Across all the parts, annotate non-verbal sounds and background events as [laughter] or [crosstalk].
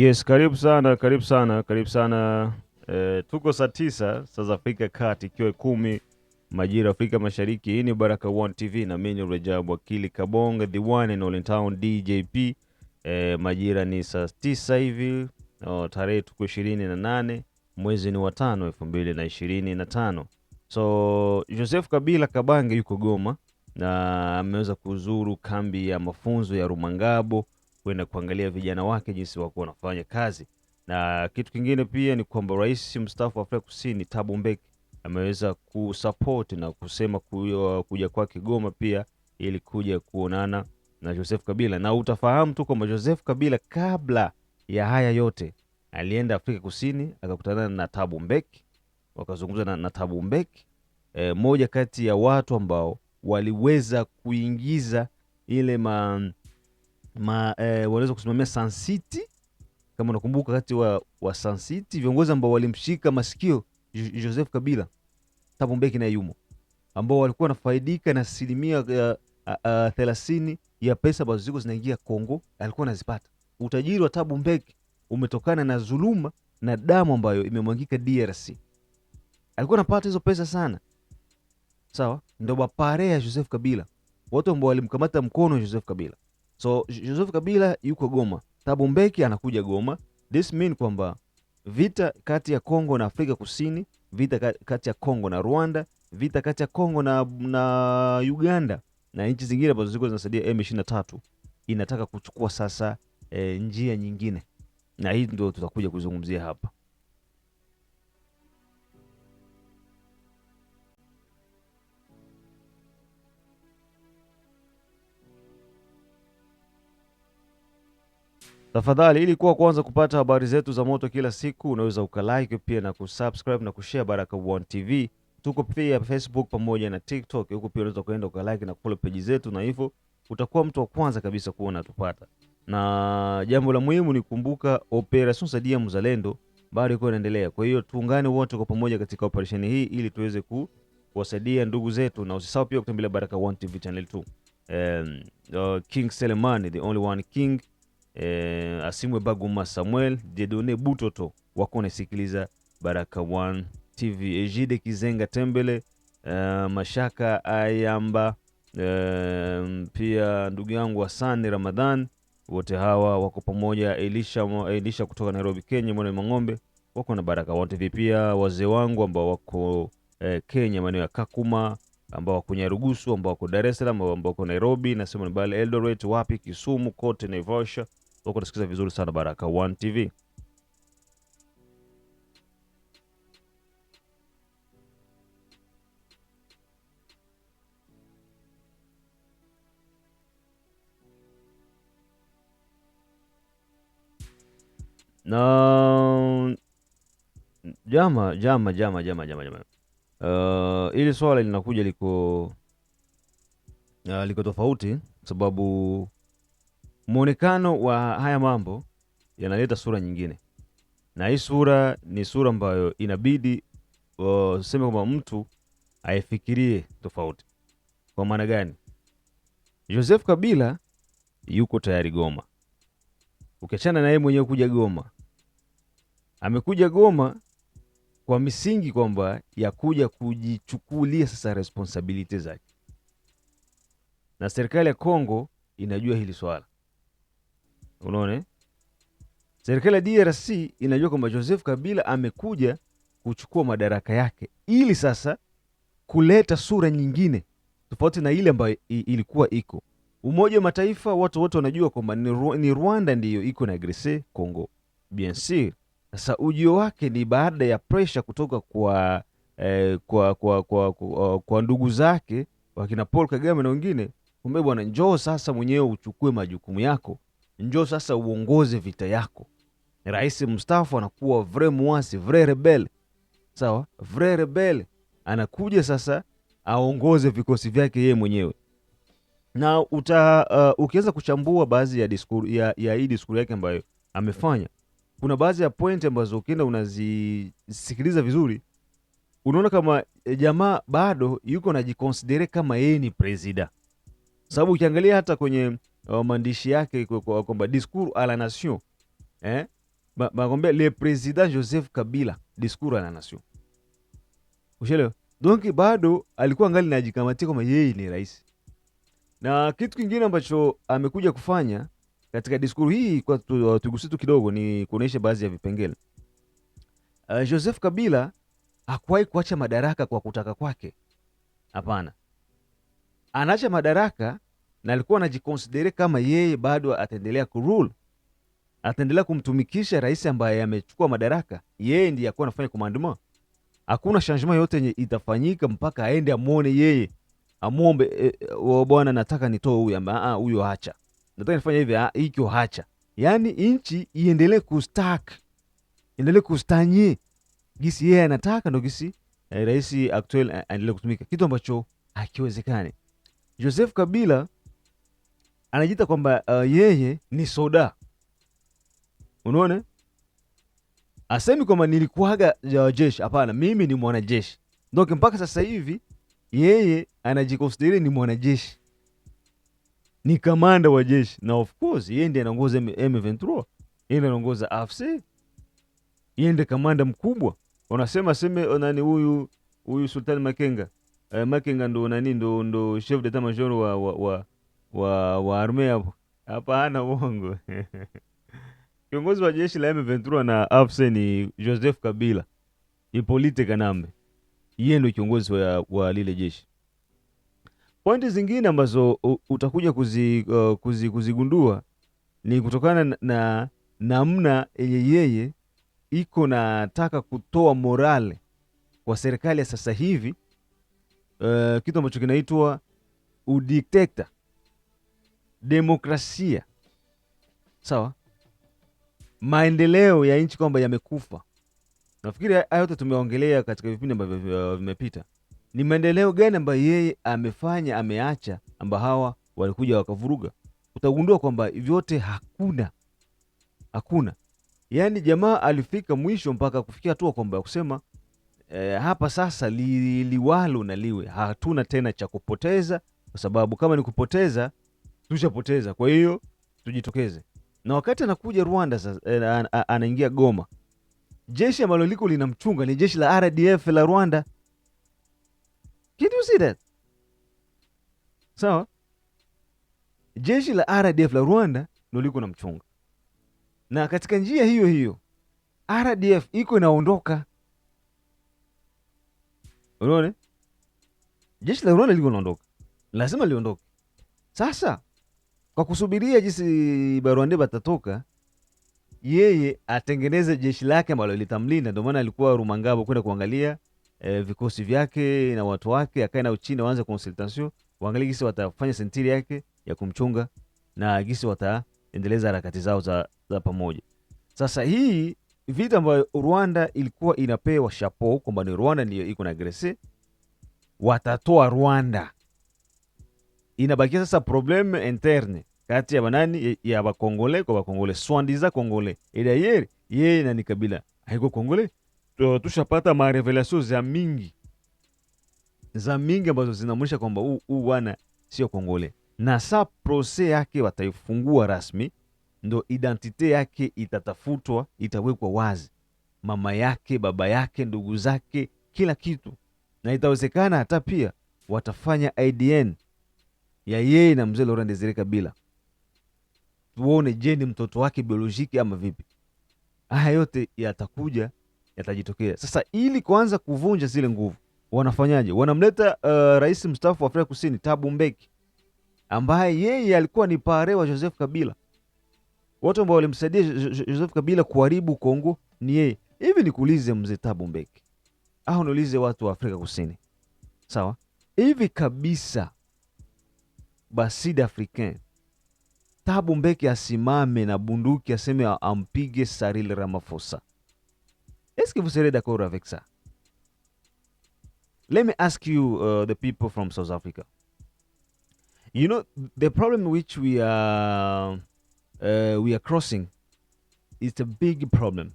Yes, karibu sana, karibu sana, karibu sana. E, tuko saa tisa saa za Afrika Kati, ikiwa kumi majira Afrika Mashariki. Hii ni Baraka One TV na mimi ni Rajab Akili Kabonga, the one and only town DJP. E, eh, majira ni saa tisa hivi, tarehe tuko ishirini na nane mwezi ni wa tano elfu mbili na ishirini na tano. So Joseph Kabila Kabange yuko Goma na ameweza kuzuru kambi ya mafunzo ya Rumangabo kwenda kuangalia vijana wake jinsi wako wanafanya kazi. Na kitu kingine pia ni kwamba rais mstaafu wa Afrika Kusini Thabo Mbeki ameweza kusupport na kusema kuja kwa Kigoma pia ili kuja kuonana na Joseph Kabila, na utafahamu tu kwamba Joseph Kabila kabla ya haya yote alienda Afrika Kusini akakutana na Thabo Mbeki, wakazungumza na, na Thabo Mbeki e, moja kati ya watu ambao waliweza kuingiza ile ma, ma, eh, waliweza kusimamia San City kama unakumbuka, kati wa, wa San City viongozi ambao walimshika masikio Joseph Kabila, Thabo Mbeki na yumo, ambao walikuwa wanafaidika na asilimia eh, eh, eh, thelathini ya pesa ambazo ziko zinaingia Kongo, alikuwa anazipata. Utajiri wa Thabo Mbeki umetokana na dhuluma na damu ambayo imemwangika DRC. Alikuwa anapata hizo pesa sana, sawa. Ndio bapare ya Joseph Kabila, watu ambao walimkamata mkono Joseph Kabila. So Joseph Kabila yuko Goma, Thabo Mbeki anakuja Goma. This mean kwamba vita kati ya Kongo na Afrika Kusini, vita kati ya Kongo na Rwanda, vita kati ya Kongo na, na Uganda na nchi zingine ambazo zilikuwa zinasaidia M23 inataka kuchukua sasa e, njia nyingine, na hii ndio tutakuja kuzungumzia hapa. Tafadhali, ili kuwa kwanza kupata habari zetu za moto kila siku, unaweza ukalike pia na kusubscribe na kushare baraka One TV. Tuko pia Facebook pamoja na TikTok, huko pia unaweza kuenda ukalike na kufollow page zetu, na hivyo utakuwa mtu wa kwanza kabisa kuona tupata. Na jambo la muhimu ni kumbuka, Operation Saidia Mzalendo bado iko inaendelea. Kwa hiyo tuungane wote kwa pamoja katika operation hii ili tuweze ku, kuwasaidia ndugu zetu, na usisahau pia kutembelea baraka One TV channel 2. Um, uh, King Selemani the only one king eh, Asimwe Baguma Samuel, Dedone Butoto wako nasikiliza Baraka One TV, Ejide Kizenga Tembele, eh, Mashaka Ayamba, eh, pia ndugu yangu Hasani Ramadhan, wote hawa wako pamoja. Elisha, Elisha kutoka Nairobi Kenya, mwana Mang'ombe wako na Baraka One TV, pia wazee wangu ambao wako eh, Kenya maeneo ya Kakuma ambao wako Nyarugusu, ambao wako Dar es Salaam, ambao wako Nairobi, nasema ni Bale Eldoret, wapi Kisumu, kote Naivasha uko nasikiza vizuri sana Baraka One TV. na jama jama jama jama jama jama uh, ili swala linakuja liko uh, liko tofauti sababu Muonekano wa haya mambo yanaleta sura nyingine, na hii sura ni sura ambayo inabidi useme kwamba mtu aifikirie tofauti. Kwa maana gani? Joseph Kabila yuko tayari Goma, ukiachana na yeye mwenyewe kuja Goma, amekuja Goma kwa misingi kwamba ya kuja kujichukulia sasa responsibility zake, na serikali ya Kongo inajua hili swala Unaona, eh? serikali ya DRC inajua kwamba Joseph Kabila amekuja kuchukua madaraka yake ili sasa kuleta sura nyingine tofauti na ile ambayo ilikuwa iko. Umoja wa Mataifa, watu wote wanajua kwamba ni Rwanda ndiyo iko na agrese Congo bnc. Sasa ujio wake ni baada ya presha kutoka kwa, eh, kwa kwa, kwa, kwa, kwa, kwa ndugu zake wakina Paul Kagame na wengine, kumbe bwana, njoo sasa mwenyewe uchukue majukumu yako njoo sasa uongoze vita yako. Rais mstaafu anakuwa vre muasi, vre rebel, sawa. vre rebel anakuja sasa aongoze vikosi vyake yeye mwenyewe na uta, uh, ukianza kuchambua baadhi ya diskuri, ya, ya hii diskuru yake ambayo amefanya, kuna baadhi ya point ambazo ukienda unazisikiliza vizuri, unaona kama eh, jamaa bado yuko najikonsidere kama yeye ni presida, sababu ukiangalia hata kwenye Euh, maandishi yake kwamba discours à la nation eh, bakwambia le président Joseph Kabila discours à la nation, ushele. Donc bado alikuwa angali najikamatia kwamba yeye ni rais, na kitu kingine ambacho amekuja kufanya katika diskuru hii kwa tugusi tu kidogo ni kuonesha baadhi ya vipengele. Uh, Joseph Kabila hakuwahi kuacha madaraka kwa kutaka kwake, hapana. Anaacha madaraka na alikuwa anajikonsidere kama yeye bado ataendelea kurule, ataendelea kumtumikisha rais ambaye amechukua madaraka. Yeye ndiye akuwa anafanya commandement, hakuna changement yote yenye itafanyika mpaka aende amwone yeye, amwombe, e, e oh, bwana, nataka nitoe huyu ama ah, huyo, acha nataka nifanye hivi, ah, hiki acha. Yani inchi iendelee kustak, endelee kustanye gisi yeye anataka, ndo gisi eh, rais actuel eh, aendelee kutumika, kitu ambacho hakiwezekani. Joseph Kabila anajiita kwamba uh, yeye ni soda. Unaona, asemi kwamba nilikuwaga jeshi. Hapana, mimi ni mwanajeshi. ndoke mpaka sasa hivi yeye anajikonsideri ni mwanajeshi, ni kamanda wa jeshi, na of course yeye ndiye anaongoza M23, yeye ndiye anaongoza AFC, yeye ndiye kamanda mkubwa. Wanasema sema oh, nani huyu huyu Sultani Makenga, uh, Makenga ndo nani ndo ndo chef d'etat major wa, wa, wa wa, wa hapo? Hapana, uongo [laughs] kiongozi wa jeshi la M23 na AFC ni Joseph Kabila. Ipolite Kanambe yeye ndio kiongozi wa, wa lile jeshi. Pointi zingine ambazo utakuja kuzi, uh, kuzi, kuzigundua ni kutokana na namna yenye yeye iko nataka kutoa morale kwa serikali ya sasa hivi, uh, kitu ambacho kinaitwa udikteta demokrasia sawa, maendeleo ya nchi kwamba yamekufa. Nafikiri haya yote tumeongelea katika vipindi ambavyo vimepita. Ni maendeleo gani ambayo yeye amefanya ameacha, ambayo hawa walikuja wakavuruga? Utagundua kwamba vyote hakuna, hakuna. Yaani jamaa alifika mwisho mpaka kufikia hatua kwamba kusema eh, hapa sasa li, liwalo na liwe, hatuna tena cha kupoteza, kwa sababu kama ni kupoteza tushapoteza, kwa hiyo tujitokeze. Na wakati anakuja Rwanda sasa, eh, anaingia Goma, jeshi ambalo liko linamchunga ni jeshi la RDF la Rwanda. Can you see that? Sawa, jeshi la RDF la Rwanda ndo liko namchunga, na katika njia hiyo hiyo RDF iko inaondoka, unaona jeshi la Rwanda liko naondoka, lazima liondoke sasa kwa kusubiria jinsi barua ndio batatoka yeye atengeneze jeshi lake ambalo litamlinda. Ndio maana alikuwa Rumangabo kwenda kuangalia e, vikosi vyake na watu wake, akae na Uchina waanze consultation, waangalie jinsi watafanya sentiri yake ya kumchunga na jinsi wataendeleza harakati zao za, za pamoja. Sasa hii vita ambayo Rwanda ilikuwa inapewa shapo kwamba ni Rwanda ndio iko na Grese, watatoa Rwanda. Inabakia sasa probleme interne kati ya banani ya bakongole kwa bakongole swandiza kongole ila yeye yeye nani kabila haiko kongole. Tushapata marevelasio za mingi za mingi ambazo zinamwisha kwamba huu bwana sio kongole, na sa proces yake wataifungua rasmi, ndo identite yake itatafutwa, itawekwa wazi, mama yake, baba yake, ndugu zake, kila kitu, na itawezekana hata pia watafanya IDN ya yeye na mzee Laurent Desire Kabila tuone, je, ni mtoto wake biolojiki ama vipi? Haya yote yatakuja yatajitokea. Sasa ili kuanza kuvunja zile nguvu wanafanyaje? Wanamleta uh, rais mstaafu wa Afrika Kusini Thabo Mbeki ambaye yeye alikuwa ni pare wa Joseph Kabila. Watu ambao walimsaidia Joseph Kabila kuharibu Kongo ni yeye. Hivi nikuulize mzee Thabo Mbeki au niulize watu wa Afrika Kusini, sawa? Hivi kabisa Basidi Africain Thabo Mbeki asimame na bunduki aseme ampige Cyril Ramaphosa. Est-ce que vous serez d'accord avec ça? Let me ask you uh, the people from South Africa. You know the problem which we are uh, we are crossing is a big problem.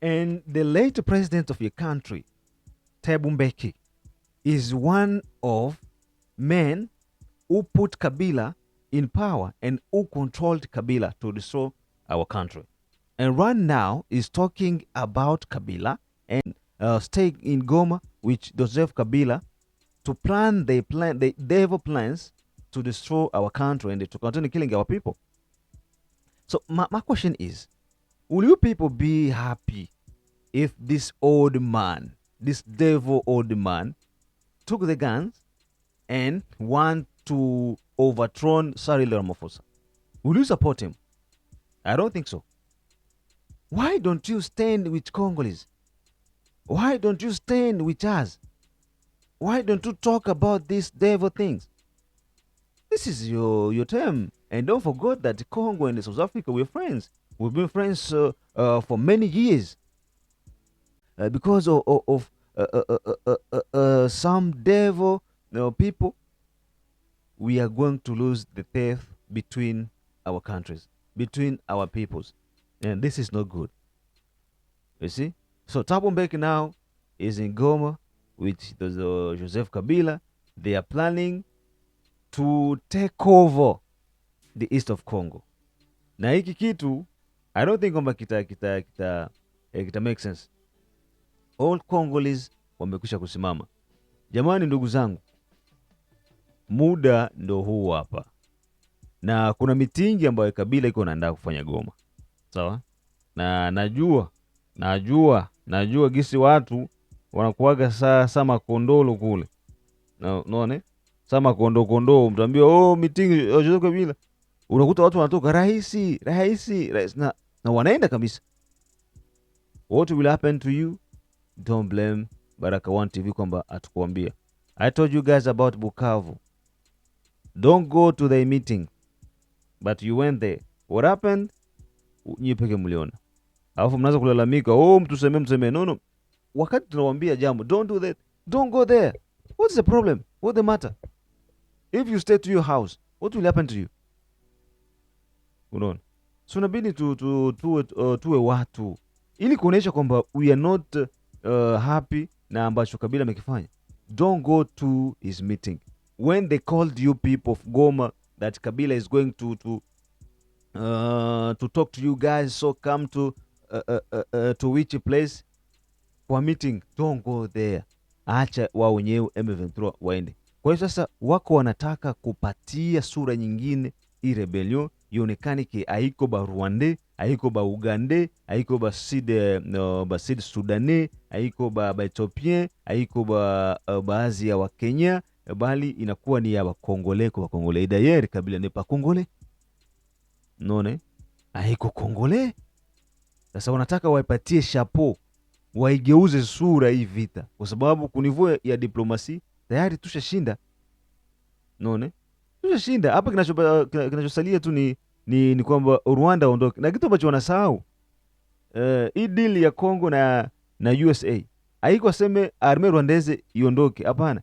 And the late president of your country, Thabo Mbeki, is one of men who put Kabila in power and who controlled Kabila to destroy our country. And right now is talking about Kabila and uh, stake in Goma which Joseph Kabila to plan the plan the devil plans to destroy our country and to continue killing our people. So my, my question is, will you people be happy if this old man, this devil old man, took the guns and want to overthrown Cyril Ramaphosa? Will you support him? I don't think so. Why don't you stand with Congolese? Why don't you stand with us? Why don't you talk about these devil things? This is your, your term. And don't forget that Congo and South Africa, we're friends. We've been friends uh, uh, for many years. Uh, because of, of uh, uh, uh, some devil you know, people we are going to lose the faith between our countries, between our peoples. And this is not good. You see? So Thabo Mbeki now is in Goma with the, the Joseph Kabila. They are planning to take over the east of Congo. Na hiki kitu I don't think kwamba kita, kita, kita, eh, kita make sense. All Congolese wamekwisha kusimama. Jamani ndugu zangu, muda ndo huu hapa, na kuna mitingi ambayo Kabila iko naandaa kufanya Goma, sawa na najua najua najua gisi watu wanakuaga saa sama kondolo kule no, naone sama kondo kondo, mtaambia oh, mitingi oh, Joseph Kabila, unakuta watu wanatoka rahisi rahisi rahisi na, na wanaenda kabisa. What will happen to you don't blame Baraka1 TV kwamba atukuambia. I told you guys about Bukavu Don't go to the meeting but you went there. What happened? Nyie peke mliona, alafu mnaanza kulalamika, oh, mtusemee msemee. No, no, wakati tunawambia jambo, don't do that, don't go there. What's the problem? What the matter? If you stay to your house, what will happen to you? Unaona, so inabidi tu, tu, tuwe, uh, tuwe watu ili kuonyesha kwamba we are not uh, happy na ambacho Kabila amekifanya. Don't go to his meeting when they called you people of Goma that Kabila is going to to uh, to talk to you guys so come to uh, uh, uh, uh, to which place for meeting don't go there acha wao wenyewe M23 waende kwa hiyo sasa wako wanataka kupatia sura nyingine i rebellion ionekane ki aiko ba Rwande aiko ba Ugande aiko ba Sud no, ba Sud Sudanais aiko ba ba Ethiopien haiko ba uh, baadhi ya wa Kenya Eh, bali inakuwa ni ya bakongole ku bakongole. Dayer kabila ni pa kongole none aiko kongole. Sasa wanataka waipatie chapeau, waigeuze sura hii vita, kwa sababu kunivua ya diplomasi tayari tushashinda, none tushashinda hapa. Kinachosalia tu ni, ni, ni kwamba Rwanda aondoke na kitu ambacho wanasahau uh, hii uh, deal ya Kongo na, na USA haiko aseme arme rwandeze iondoke, hapana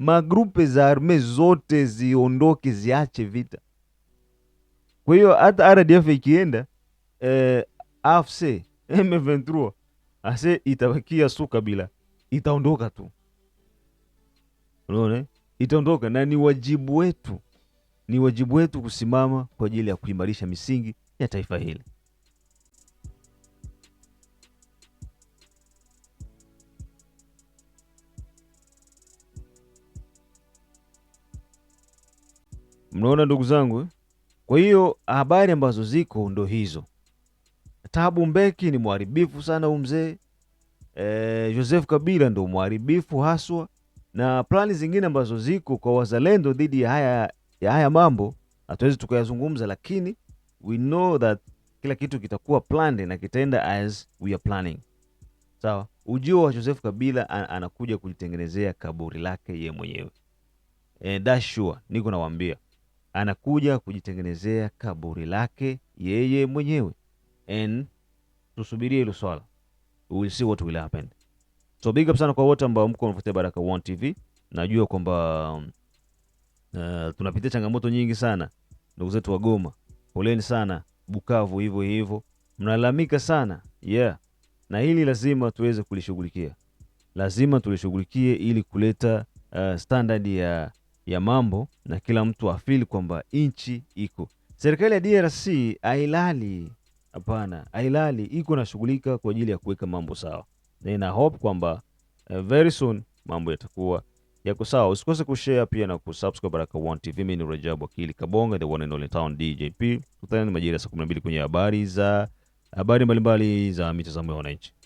magrupe za arme zote ziondoke, ziache vita. Kwa hiyo hata RDF ikienda eh, AFC M23 ase itabakia su kabila itaondoka tu, unaona, itaondoka na ni wajibu wetu, ni wajibu wetu kusimama kwa ajili ya kuimarisha misingi ya taifa hili. Mnaona ndugu zangu eh? Kwa hiyo habari ambazo ziko ndo hizo. Tabu Mbeki ni mharibifu sana huyu mzee e, Joseph Kabila ndo mharibifu haswa, na plani zingine ambazo ziko kwa wazalendo dhidi ya haya, ya haya mambo hatuwezi tukayazungumza, lakini we know that kila kitu kitakuwa planned na kitaenda as we are planning. Sawa, ujio wa Joseph Kabila an anakuja kujitengenezea kaburi lake ye mwenyewe e, that's sure, niko nawaambia anakuja kujitengenezea kaburi lake yeye mwenyewe and tusubirie hilo swala, we will see what will happen. So big up sana kwa wote ambao mko mnafuatia Baraka One TV. Najua kwamba um, uh, tunapitia changamoto nyingi sana, ndugu zetu wa Goma, poleni sana. Bukavu hivyo hivyo, mnalalamika sana yeah, na hili lazima tuweze kulishughulikia, lazima tulishughulikie ili kuleta uh, standard ya ya mambo na kila mtu afili kwamba nchi iko. Serikali ya DRC ailali, hapana, ailali, iko nashughulika kwa ajili ya kuweka mambo sawa, na ina hope kwamba uh, very soon mambo yatakuwa yako sawa. Usikose kushare pia na kusubscribe Baraka One TV. Mimi ni Rajabu Akili Kabonga, the one and only town DJP. Tutana majira ya saa 12 kwenye habari za habari mbalimbali za mitazamo ya wananchi.